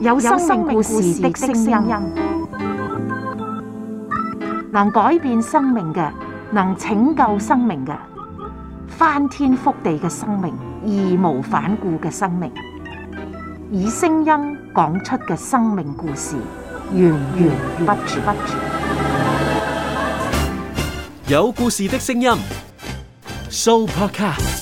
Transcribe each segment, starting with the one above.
有生命故事的聲音，能改變生命嘅，能拯救生命嘅，翻天覆地嘅生命，義無反顧嘅生命，以聲音講出嘅生命故事，源源不絕。有故事的聲音，Supercar。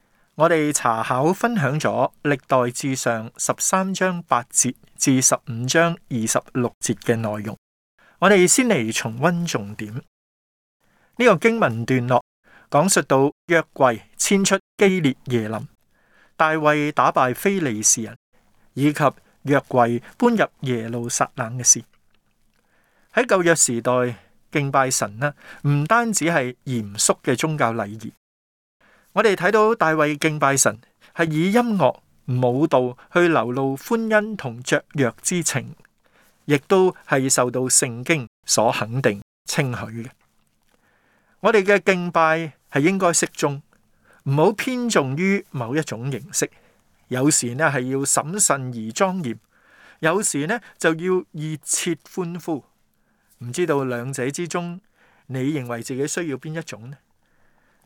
我哋查考分享咗歷代志上十三章八節至十五章二十六節嘅內容，我哋先嚟重溫重點。呢、這個經文段落講述到約櫃遷出基列耶林，大衛打敗非利士人以及約櫃搬入耶路撒冷嘅事。喺舊約時代敬拜神呢，唔單止係嚴肅嘅宗教禮儀。我哋睇到大衛敬拜神，係以音樂舞蹈去流露歡欣同雀躍之情，亦都係受到聖經所肯定稱許嘅。我哋嘅敬拜係應該適中，唔好偏重於某一種形式。有時呢，係要審慎而莊嚴，有時呢，就要熱切歡呼。唔知道兩者之中，你認為自己需要邊一種呢？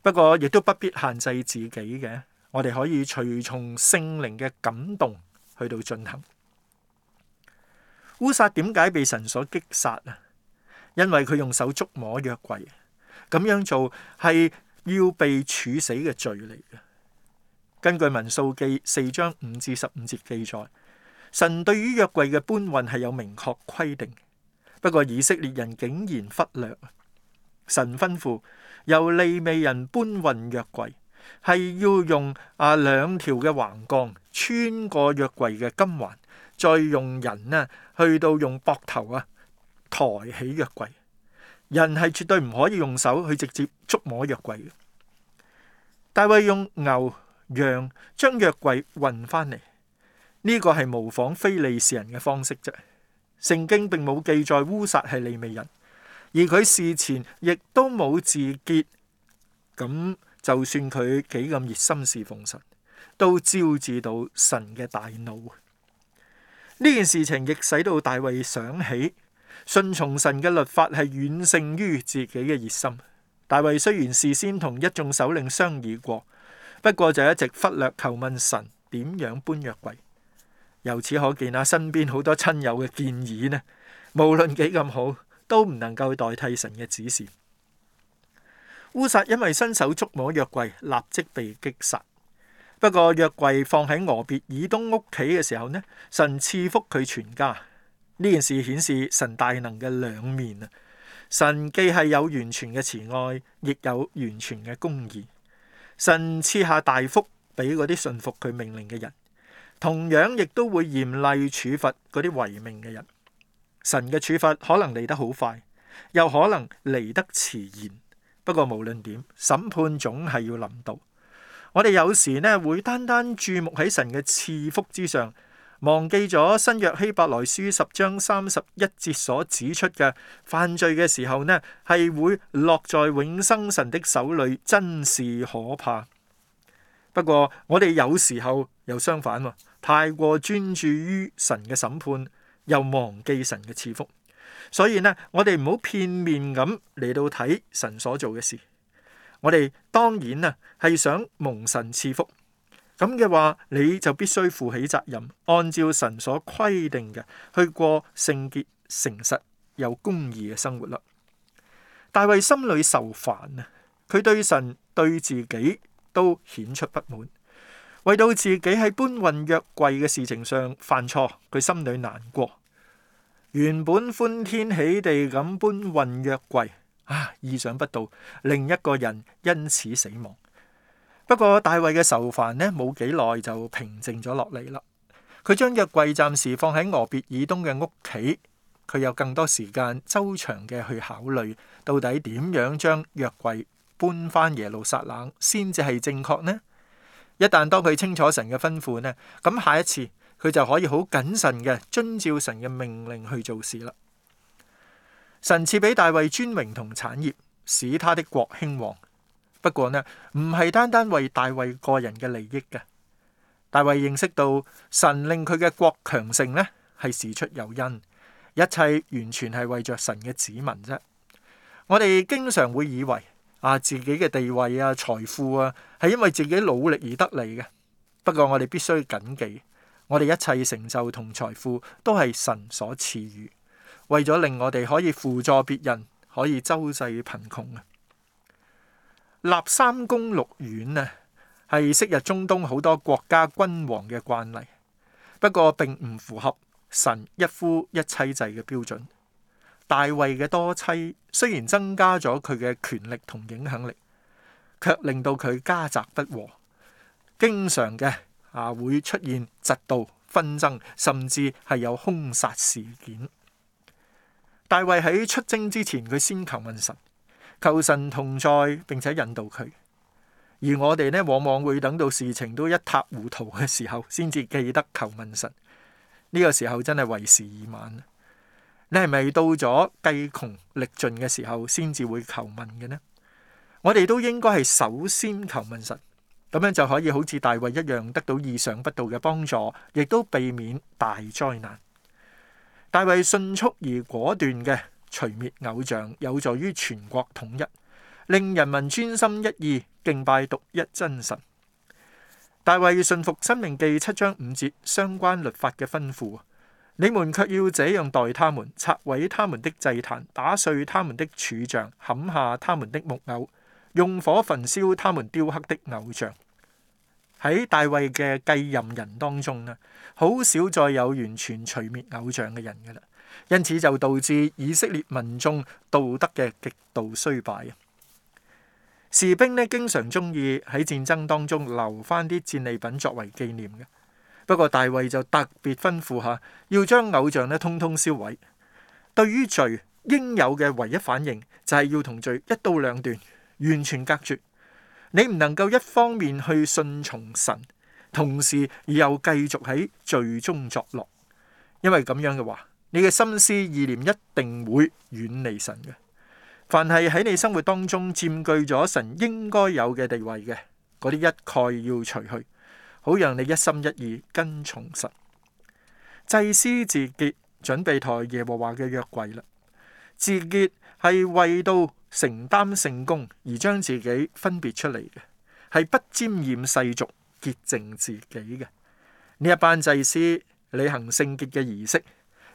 不過亦都不必限制自己嘅，我哋可以隨從聖靈嘅感動去到進行。烏撒點解被神所擊殺啊？因為佢用手觸摸約櫃，咁樣做係要被處死嘅罪嚟嘅。根據民數記四章五至十五節記載，神對於約櫃嘅搬運係有明確規定，不過以色列人竟然忽略。神吩咐由利未人搬運約櫃，係要用啊兩條嘅橫槓穿過約櫃嘅金環，再用人呢、啊、去到用膊頭啊抬起約櫃。人係絕對唔可以用手去直接觸摸約櫃。大衛用牛羊將約櫃運翻嚟，呢、這個係模仿非利士人嘅方式啫。聖經並冇記載烏撒係利未人。而佢事前亦都冇自潔，咁就算佢幾咁熱心侍奉神，都招致到神嘅大怒。呢件事情亦使到大衛想起，信從神嘅律法係遠勝於自己嘅熱心。大衛雖然事先同一眾首領商議過，不過就一直忽略求問神點樣搬約櫃。由此可見啊，身邊好多親友嘅建議呢，無論幾咁好，都唔能夠代替神嘅指示。烏撒因為伸手捉摸約櫃，立即被擊殺。不過約櫃放喺俄別以東屋企嘅時候呢，神賜福佢全家。呢件事顯示神大能嘅兩面啊！神既係有完全嘅慈愛，亦有完全嘅公義。神賜下大福俾嗰啲信服佢命令嘅人，同樣亦都會嚴厲處罰嗰啲違命嘅人。神嘅處罰可能嚟得好快，又可能嚟得遲延。不過無論點，審判總係要臨到。我哋有時呢，會單單注目喺神嘅賜福之上，忘記咗新約希伯來書十章三十一節所指出嘅，犯罪嘅時候呢係會落在永生神的手裏，真是可怕。不過我哋有時候又相反，太過專注於神嘅審判。又忘記神嘅賜福，所以呢，我哋唔好片面咁嚟到睇神所做嘅事。我哋當然啊，係想蒙神賜福，咁嘅話，你就必須負起責任，按照神所規定嘅去過聖潔、誠實、有公義嘅生活啦。大衛心裏受煩啊，佢對神、對自己都顯出不滿。為到自己喺搬運約櫃嘅事情上犯錯，佢心裏難過。原本歡天喜地咁搬運約櫃，啊，意想不到，另一個人因此死亡。不過大衛嘅愁煩呢，冇幾耐就平靜咗落嚟啦。佢將約櫃暫時放喺俄別以東嘅屋企，佢有更多時間周長嘅去考慮，到底點樣將約櫃搬翻耶路撒冷先至係正確呢？一旦當佢清楚神嘅吩咐呢，咁下一次佢就可以好謹慎嘅遵照神嘅命令去做事啦。神賜俾大衛尊榮同產業，使他的國興旺。不過呢，唔係單單為大衛個人嘅利益嘅。大衛認識到神令佢嘅國強盛呢，係事出有因，一切完全係為着神嘅子民啫。我哋經常會以為，啊！自己嘅地位啊、財富啊，係因為自己努力而得嚟嘅。不過我哋必須謹記，我哋一切成就同財富都係神所賜予，為咗令我哋可以輔助別人，可以周濟貧窮啊！立三宮六院啊，係昔日中東好多國家君王嘅慣例，不過並唔符合神一夫一妻制嘅標準。大衛嘅多妻雖然增加咗佢嘅權力同影響力，卻令到佢家宅不和，經常嘅啊會出現嫉妒紛爭，甚至係有凶殺事件。大衛喺出征之前，佢先求問神，求神同在，並且引導佢。而我哋呢，往往會等到事情都一塌糊塗嘅時候，先至記得求問神。呢個時候真係為時已晚。你係咪到咗計窮力盡嘅時候先至會求問嘅呢？我哋都應該係首先求問神，咁樣就可以好似大衛一樣得到意想不到嘅幫助，亦都避免大災難。大衛迅速而果斷嘅除滅偶像，有助於全國統一，令人民專心一意敬拜獨一真神。大衛信服申命記七章五節相關律法嘅吩咐。你們卻要這樣待他們，拆毀他們的祭壇，打碎他們的柱像，砍下他們的木偶，用火焚燒他們雕刻的偶像。喺大衛嘅繼任人當中呢，好少再有完全除滅偶像嘅人㗎喇，因此就導致以色列民眾道德嘅極度衰敗啊！士兵呢，經常鍾意喺戰爭當中留返啲戰利品作為紀念㗎。不過，大衛就特別吩咐下，要將偶像咧通通燒毀。對於罪，應有嘅唯一反應就係要同罪一刀兩斷，完全隔絕。你唔能夠一方面去順從神，同時又繼續喺罪中作樂，因為咁樣嘅話，你嘅心思意念一定會遠離神嘅。凡係喺你生活當中佔據咗神應該有嘅地位嘅，嗰啲一概要除去。好讓你一心一意跟從神。祭司自潔，準備抬耶和華嘅約櫃啦。自潔係為到承擔聖工而將自己分別出嚟嘅，係不沾染世俗，潔淨自己嘅。呢一班祭司，履行聖潔嘅儀式，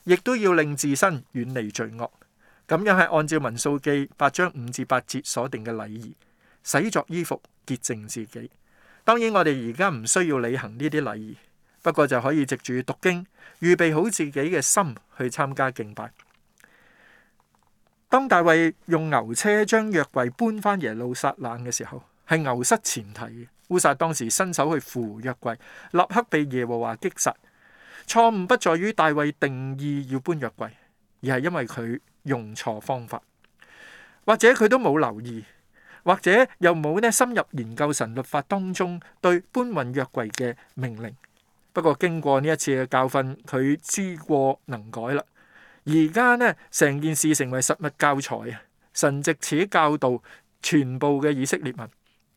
亦都要令自身遠離罪惡。咁樣係按照民數記八章五至八節所定嘅禮儀，洗濯衣服，潔淨自己。當然，我哋而家唔需要履行呢啲禮儀，不過就可以藉住讀經，預備好自己嘅心去參加敬拜。當大衛用牛車將約櫃搬返耶路撒冷嘅時候，係牛失前蹄嘅烏撒當時伸手去扶約櫃，立刻被耶和華擊殺。錯誤不在於大衛定意要搬約櫃，而係因為佢用錯方法，或者佢都冇留意。或者又冇呢深入研究神律法當中對搬運約櫃嘅命令。不過經過呢一次嘅教訓，佢知過能改啦。而家呢成件事成為實物教材啊！神藉此教導全部嘅以色列民，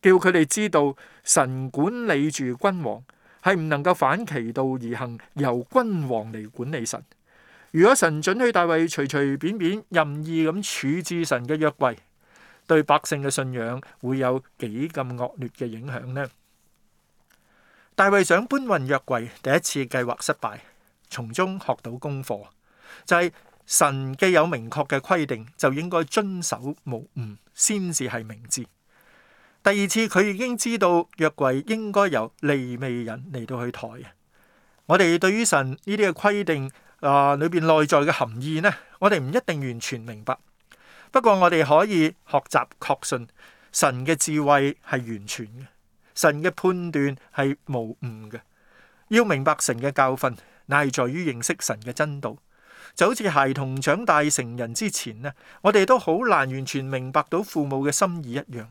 叫佢哋知道神管理住君王，係唔能夠反其道而行，由君王嚟管理神。如果神准許大衛隨隨便便，便任意咁處置神嘅約櫃。對百姓嘅信仰會有幾咁惡劣嘅影響呢？大衛想搬運約櫃，第一次計劃失敗，從中學到功課，就係、是、神既有明確嘅規定，就應該遵守無誤，先至係明智。第二次佢已經知道約櫃應該由利未人嚟到去抬嘅。我哋對於神呢啲嘅規定啊、呃、裏邊內在嘅含義呢，我哋唔一定完全明白。不過我哋可以學習確信神嘅智慧係完全嘅，神嘅判斷係無誤嘅。要明白神嘅教訓，乃係在於認識神嘅真道。就好似孩童長大成人之前呢，我哋都好難完全明白到父母嘅心意一樣。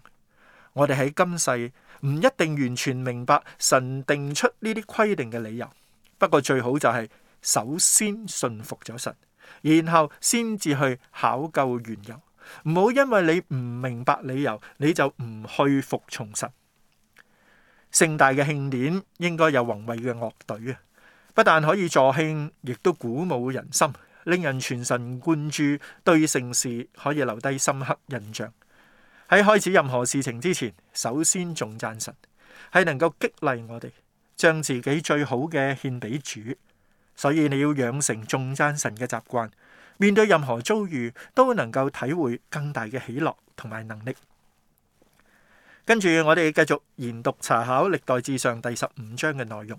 我哋喺今世唔一定完全明白神定出呢啲規定嘅理由。不過最好就係首先信服咗神，然後先至去考究緣由。唔好因為你唔明白理由，你就唔去服從神。盛大嘅慶典應該有宏偉嘅樂隊啊！不但可以助興，亦都鼓舞人心，令人全神貫注，對盛事可以留低深刻印象。喺開始任何事情之前，首先頌讚神，係能夠激勵我哋將自己最好嘅獻俾主。所以你要養成頌讚神嘅習慣。面對任何遭遇都能夠體會更大嘅喜樂同埋能力。跟住我哋繼續研讀查考歷《歷代志上》第十五章嘅內容，《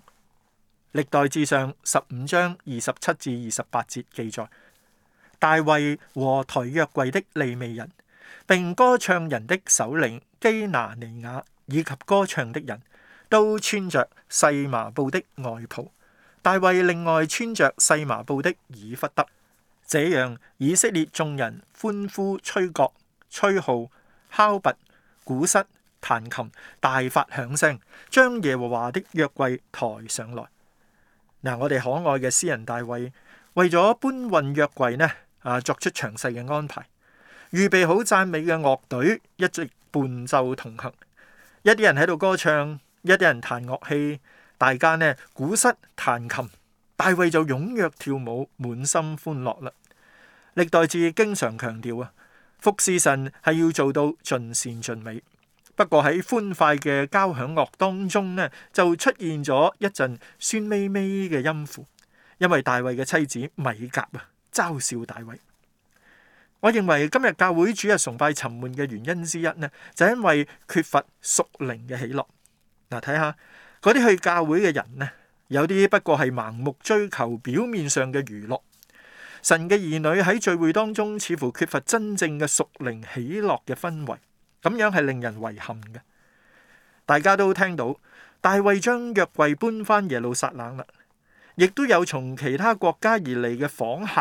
歷代志上》十五章二十七至二十八節記載：大衛和台約櫃的利未人，並歌唱人的首領基拿尼雅以及歌唱的人都穿着細麻布的外袍。大衛另外穿着細麻布的以弗德。這樣以色列眾人歡呼、吹角、吹號、敲鈸、鼓瑟、彈琴，大發響聲，將耶和華的約櫃抬上來。嗱、啊，我哋可愛嘅詩人大衛為咗搬運約櫃呢，啊，作出詳細嘅安排，預備好讚美嘅樂隊一直伴奏同行，一啲人喺度歌唱，一啲人彈樂器，大家呢，鼓瑟彈琴。大衛就踴躍跳舞，滿心歡樂啦。歷代志經常強調啊，服侍神係要做到盡善盡美。不過喺歡快嘅交響樂當中呢，就出現咗一陣酸咪咪嘅音符，因為大衛嘅妻子米甲啊嘲笑大衛。我認為今日教會主日崇拜沉悶嘅原因之一呢，就係，因為缺乏屬靈嘅喜樂。嗱，睇下嗰啲去教會嘅人呢？有啲不過係盲目追求表面上嘅娛樂，神嘅兒女喺聚會當中似乎缺乏真正嘅屬靈喜樂嘅氛圍，咁樣係令人遺憾嘅。大家都聽到大衛將約櫃搬翻耶路撒冷啦，亦都有從其他國家而嚟嘅訪客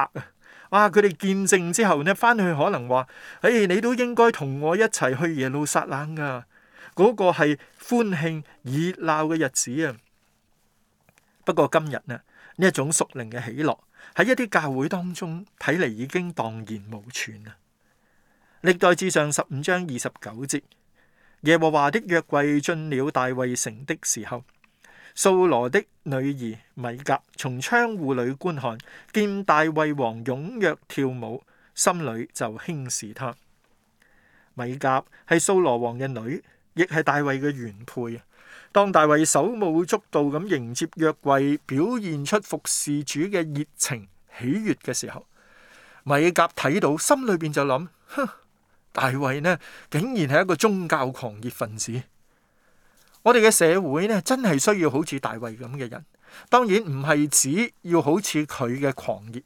啊！佢哋見證之後呢，翻去可能話：誒，你都應該同我一齊去耶路撒冷噶，嗰個係歡慶熱鬧嘅日子啊！不過今日呢，呢一種屬靈嘅喜樂喺一啲教會當中睇嚟，已經蕩然無存啦。歷代志上十五章二十九節，耶和華的約櫃進了大衛城的時候，掃羅的女兒米甲從窗戶裏觀看，見大衛王踴躍跳舞，心裏就輕視他。米甲係掃羅王嘅女。亦係大衛嘅原配啊！當大衛手舞足蹈咁迎接約櫃，表現出服侍主嘅熱情喜悅嘅時候，米甲睇到心裏邊就諗，哼，大衛呢竟然係一個宗教狂熱分子。我哋嘅社會呢真係需要好似大衛咁嘅人。當然唔係指要好似佢嘅狂熱，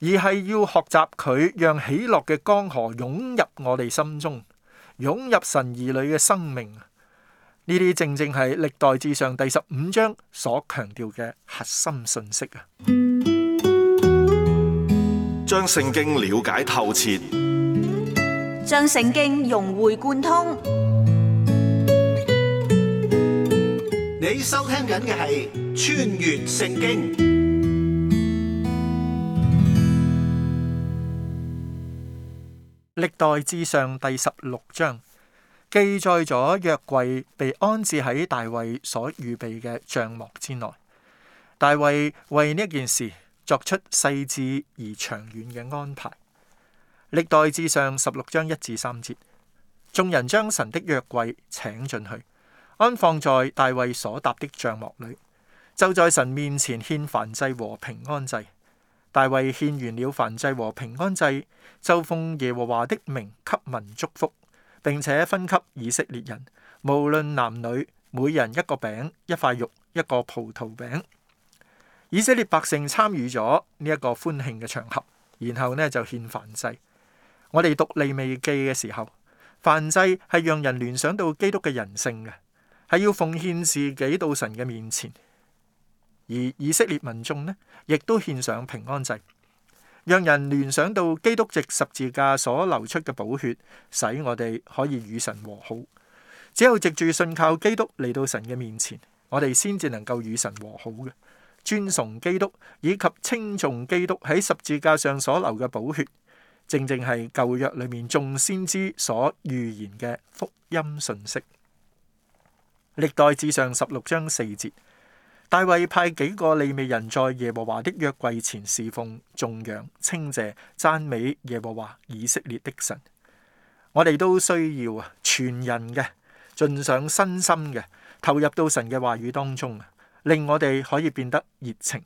而係要學習佢，讓喜樂嘅江河湧入我哋心中。湧入神兒女嘅生命，呢啲正正係歷代志上第十五章所強調嘅核心信息啊！將聖經了解透徹，將聖經融會貫通。貫通，你收聽緊嘅係《穿越聖經》。歷代志上第十六章記載咗約櫃被安置喺大衛所預備嘅帳幕之內。大衛為呢件事作出細緻而長遠嘅安排。歷代志上十六章一至三節，眾人將神的約櫃請進去，安放在大衛所搭的帳幕裏，就在神面前獻燔祭和平安祭。大衛獻完了燔祭和平安祭，就奉耶和華的名給民祝福，並且分給以色列人，無論男女，每人一個餅、一塊肉、一個葡萄餅。以色列百姓參與咗呢一個歡慶嘅場合，然後呢就獻燔祭。我哋讀利未記嘅時候，燔祭係讓人聯想到基督嘅人性嘅，係要奉獻自己到神嘅面前。而以色列民眾呢，亦都獻上平安祭，讓人聯想到基督藉十字架所流出嘅寶血，使我哋可以與神和好。只有藉住信靠基督嚟到神嘅面前，我哋先至能夠與神和好嘅。尊崇基督以及稱頌基督喺十字架上所流嘅寶血，正正係舊約裏面眾先知所預言嘅福音訊息。歷代志上十六章四節。大衛派幾個利未人在耶和華的約櫃前侍奉、頌揚、稱謝、讚美耶和華以色列的神。我哋都需要啊，全人嘅、盡上身心嘅，投入到神嘅話語當中啊，令我哋可以變得熱情。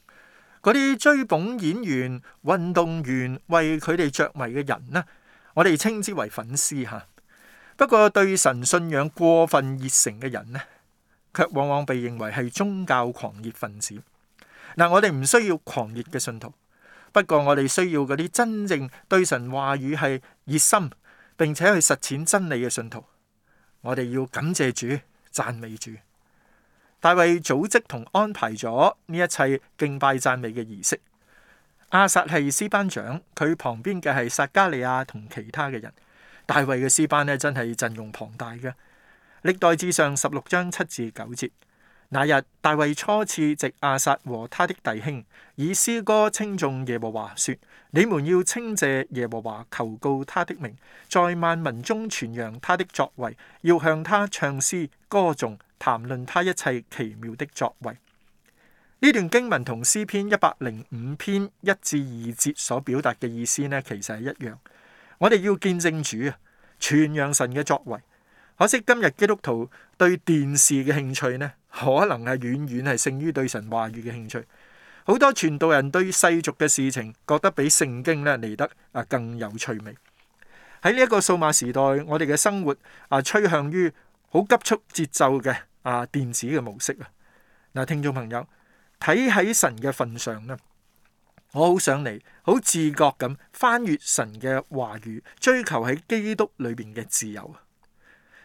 嗰啲追捧演員、運動員為佢哋着迷嘅人呢，我哋稱之為粉絲吓。不過對神信仰過分熱誠嘅人呢，卻往往被認為係宗教狂熱分子。嗱，我哋唔需要狂熱嘅信徒，不過我哋需要嗰啲真正對神話語係熱心並且去實踐真理嘅信徒。我哋要感謝主、讚美主。大衛組織同安排咗呢一切敬拜讚美嘅儀式。亞薩係司班長，佢旁邊嘅係撒加利亞同其他嘅人。大衛嘅司班呢，真係陣容龐大嘅。歷代志上十六章七至九節，那日大衛初次藉亞薩和他的弟兄，以詩歌稱頌耶和華，說：你們要稱謝耶和華，求告他的名，在萬民中傳揚他的作為，要向他唱詩歌頌，談論他一切奇妙的作為。呢段經文同詩篇一百零五篇一至二節所表達嘅意思呢，其實係一樣。我哋要見證主啊，傳揚神嘅作為。可惜今日基督徒對電視嘅興趣呢，可能係遠遠係勝於對神話語嘅興趣。好多傳道人對世俗嘅事情覺得比聖經咧嚟得啊，更有趣味。喺呢一個數碼時代，我哋嘅生活啊趨向於好急速節奏嘅啊電子嘅模式啊。嗱，聽眾朋友睇喺神嘅份上咧，我好想嚟好自覺咁翻閱神嘅話語，追求喺基督裏邊嘅自由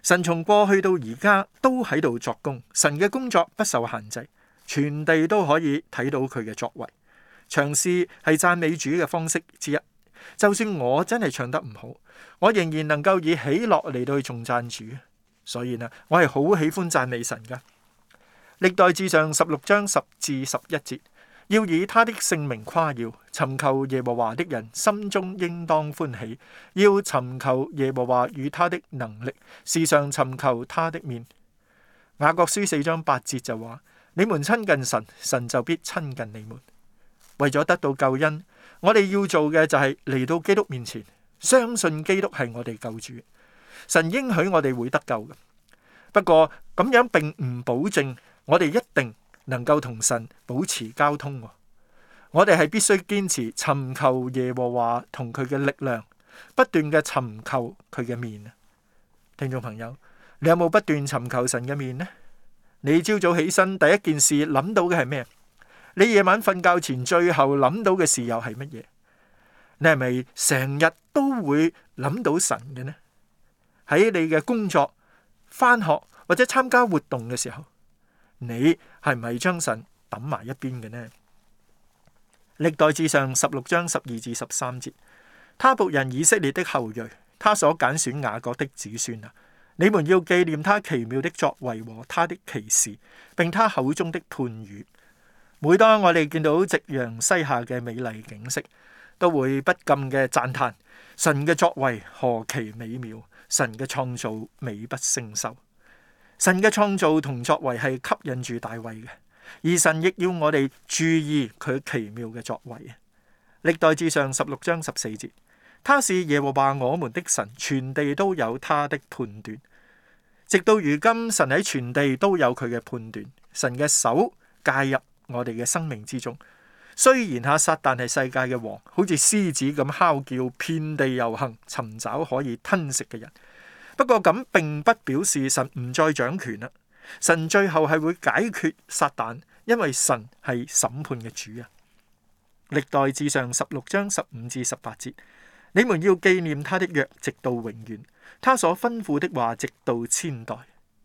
神從過去到而家都喺度作工，神嘅工作不受限制，全地都可以睇到佢嘅作為。嘗試係讚美主嘅方式之一，就算我真係唱得唔好，我仍然能夠以喜樂嚟到去頌讚主。所以呢，我係好喜歡讚美神噶。歷代志上十六章十至十一節。要以他的聖名誇耀，尋求耶和華的人心中應當歡喜。要尋求耶和華與他的能力，時常尋求他的面。雅各書四章八節就話：你們親近神，神就必親近你們。為咗得到救恩，我哋要做嘅就係嚟到基督面前，相信基督係我哋救主。神應許我哋會得救嘅。不過咁樣並唔保證我哋一定。能夠同神保持交通，我哋係必須堅持尋求耶和華同佢嘅力量，不斷嘅尋求佢嘅面。聽眾朋友，你有冇不斷尋求神嘅面呢？你朝早起身第一件事諗到嘅係咩？你夜晚瞓覺前最後諗到嘅事又係乜嘢？你係咪成日都會諗到神嘅呢？喺你嘅工作、翻學或者參加活動嘅時候，你？係咪將神抌埋一邊嘅呢？歷代志上十六章十二至十三節，他僕人以色列的後裔，他所揀選雅各的子孫啊！你們要紀念他奇妙的作為和他的奇事，並他口中的判語。每當我哋見到夕陽西下嘅美麗景色，都會不禁嘅讚嘆：神嘅作為何其美妙，神嘅創造美不勝收。神嘅創造同作為係吸引住大衛嘅，而神亦要我哋注意佢奇妙嘅作為。歷代志上十六章十四節，他是耶和華我們的神，全地都有他的判斷。直到如今，神喺全地都有佢嘅判斷。神嘅手介入我哋嘅生命之中。雖然阿撒旦係世界嘅王，好似獅子咁嚎叫，遍地遊行，尋找可以吞食嘅人。不過咁並不表示神唔再掌權啦，神最後係會解決撒但，因為神係審判嘅主啊。歷代志上十六章十五至十八節，你們要紀念他的約，直到永遠；他所吩咐的話，直到千代，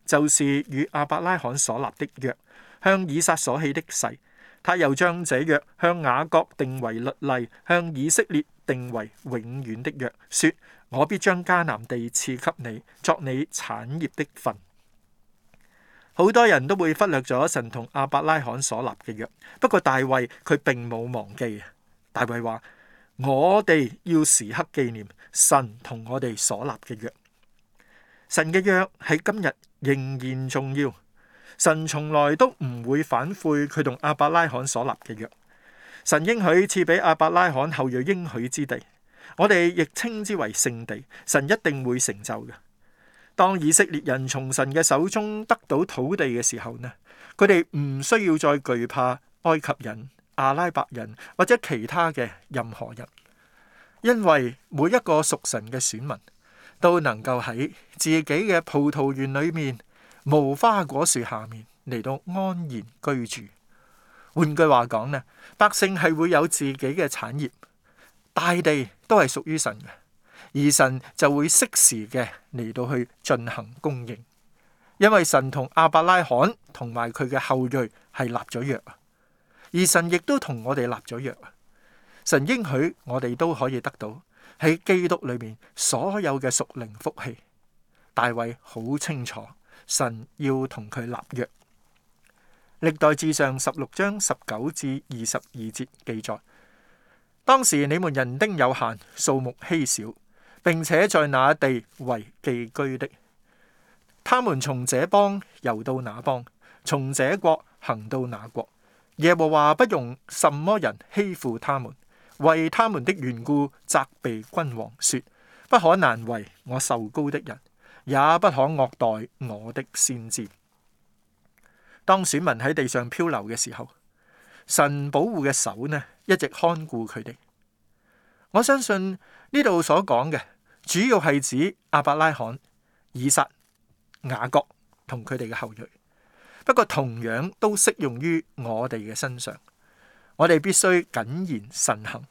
就是與亞伯拉罕所立的約，向以撒所起的誓，他又將這約向雅各定為律例，向以色列。定為永遠的約，說：我必將迦南地賜給你，作你產業的份。好多人都會忽略咗神同亞伯拉罕所立嘅約，不過大衛佢並冇忘記。大衛話：我哋要時刻紀念神同我哋所立嘅約。神嘅約喺今日仍然重要，神從來都唔會反悔佢同亞伯拉罕所立嘅約。神應許賜俾亞伯拉罕後裔應許之地，我哋亦稱之為聖地。神一定會成就嘅。當以色列人從神嘅手中得到土地嘅時候呢，佢哋唔需要再懼怕埃及人、阿拉伯人或者其他嘅任何人，因為每一個屬神嘅選民都能夠喺自己嘅葡萄園裏面、無花果樹下面嚟到安然居住。換句話講呢，百姓係會有自己嘅產業，大地都係屬於神嘅，而神就會適時嘅嚟到去進行供應，因為神同亞伯拉罕同埋佢嘅後裔係立咗約啊，而神亦都同我哋立咗約。神應許我哋都可以得到喺基督裏面所有嘅屬靈福氣。大衛好清楚，神要同佢立約。.歷代志上十六章十九至二十二節記載，當時你們人丁有限，數目稀少，並且在那地為寄居的。他們從這邦遊到那邦，從這國行到那國。耶和華不容什麼人欺負他們，為他們的緣故責備君王，說：不可難為我受膏的人，也不可惡待我的先知。當選民喺地上漂流嘅時候，神保護嘅手呢，一直看顧佢哋。我相信呢度所講嘅，主要係指亞伯拉罕、以撒、雅各同佢哋嘅後裔。不過同樣都適用於我哋嘅身上。我哋必須謹言慎行。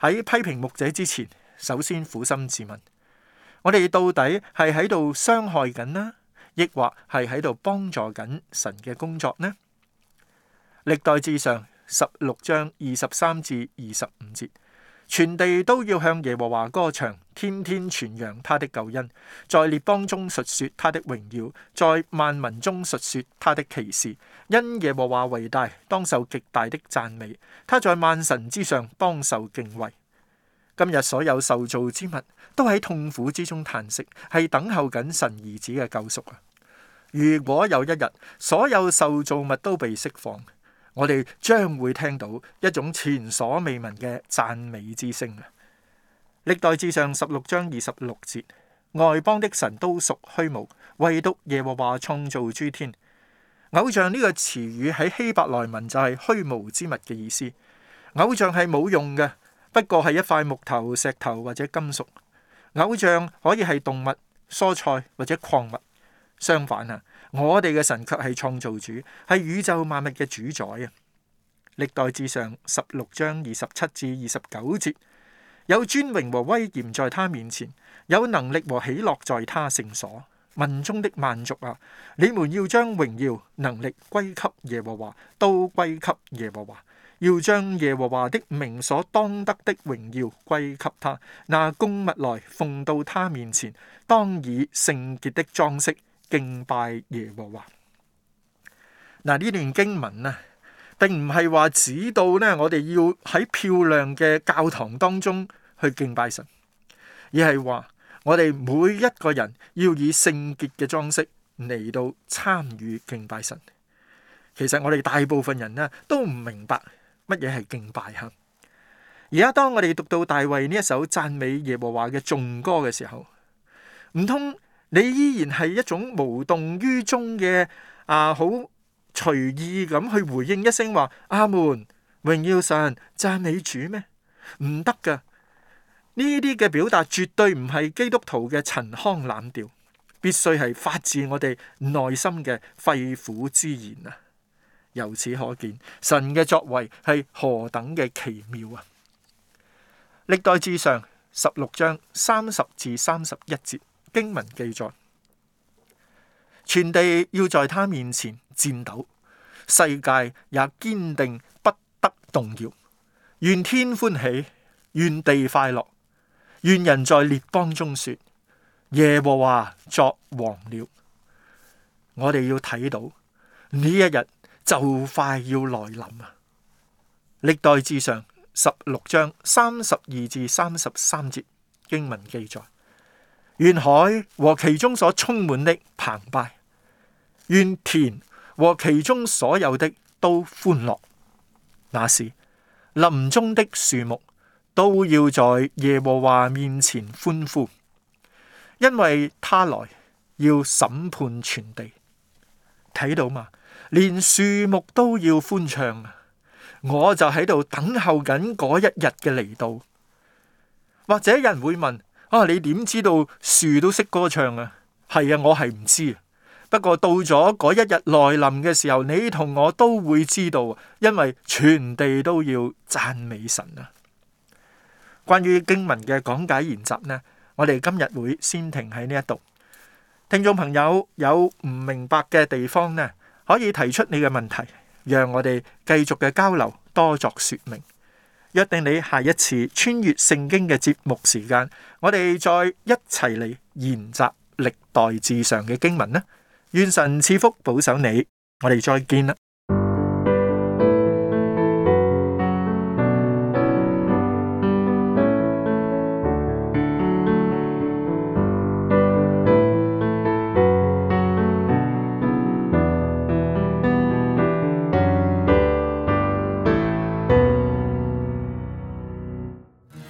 喺批評牧者之前，首先苦心自問：「我哋到底係喺度傷害緊呢？」抑或係喺度幫助緊神嘅工作呢？歷代志上十六章二十三至二十五節，全地都要向耶和華歌唱，天天傳揚他的救恩，在列邦中述說他的榮耀，在萬民中述說他的奇事。因耶和華為大，當受極大的讚美；他在萬神之上，當受敬畏。今日所有受造之物都喺痛苦之中嘆息，係等候緊神兒子嘅救贖啊！如果有一日所有受造物都被釋放，我哋將會聽到一種前所未聞嘅讚美之聲啊！歷代志上十六章二十六節，外邦的神都屬虛無，唯獨耶和華創造諸天。偶像呢個詞語喺希伯來文就係虛無之物嘅意思，偶像係冇用嘅。不過係一塊木頭、石頭或者金屬。偶像可以係動物、蔬菜或者礦物。相反啊，我哋嘅神卻係創造主，係宇宙萬物嘅主宰啊！歷代志上十六章二十七至二十九節，有尊榮和威嚴在他面前，有能力和喜樂在他聖所。民中的萬族啊，你們要將榮耀、能力歸給耶和華，都歸給耶和華。要將耶和華的名所當得的榮耀歸給他，拿供物來奉到他面前，當以聖潔的裝飾敬拜耶和華。嗱，呢段經文啊，並唔係話指到呢我哋要喺漂亮嘅教堂當中去敬拜神，而係話我哋每一個人要以聖潔嘅裝飾嚟到參與敬拜神。其實我哋大部分人啊都唔明白。乜嘢係敬拜客？而家當我哋讀到大衛呢一首讚美耶和華嘅頌歌嘅時候，唔通你依然係一種無動於衷嘅啊，好隨意咁去回應一聲話阿門，榮耀神，讚美主咩？唔得噶！呢啲嘅表達絕對唔係基督徒嘅陳腔濫調，必須係發自我哋內心嘅肺腑之言啊！由此可見，神嘅作為係何等嘅奇妙啊！歷代志上十六章三十至三十一節經文記載，全地要在他面前顫抖，世界也堅定不得動搖。願天歡喜，願地快樂，願人在列邦中說：耶和華作王了。我哋要睇到呢一日。就快要來臨啊！歷代志上十六章三十二至三十三節經文記載：願海和其中所充滿的澎湃，願田和其中所有的都歡樂。那時林中的樹木都要在耶和華面前歡呼，因為他來要審判全地。睇到嘛？連樹木都要歡唱啊！我就喺度等候緊嗰一日嘅嚟到。或者有人會問：啊，你點知道樹都識歌唱啊？係啊，我係唔知。不過到咗嗰一日來臨嘅時候，你同我都會知道，因為全地都要讚美神啊。關於經文嘅講解研習呢，我哋今日會先停喺呢一度。聽眾朋友有唔明白嘅地方呢，可以提出你嘅問題，讓我哋繼續嘅交流，多作說明。約定你下一次穿越聖經嘅節目時間，我哋再一齊嚟研習歷代志上嘅經文啦。願神賜福保守你，我哋再見啦。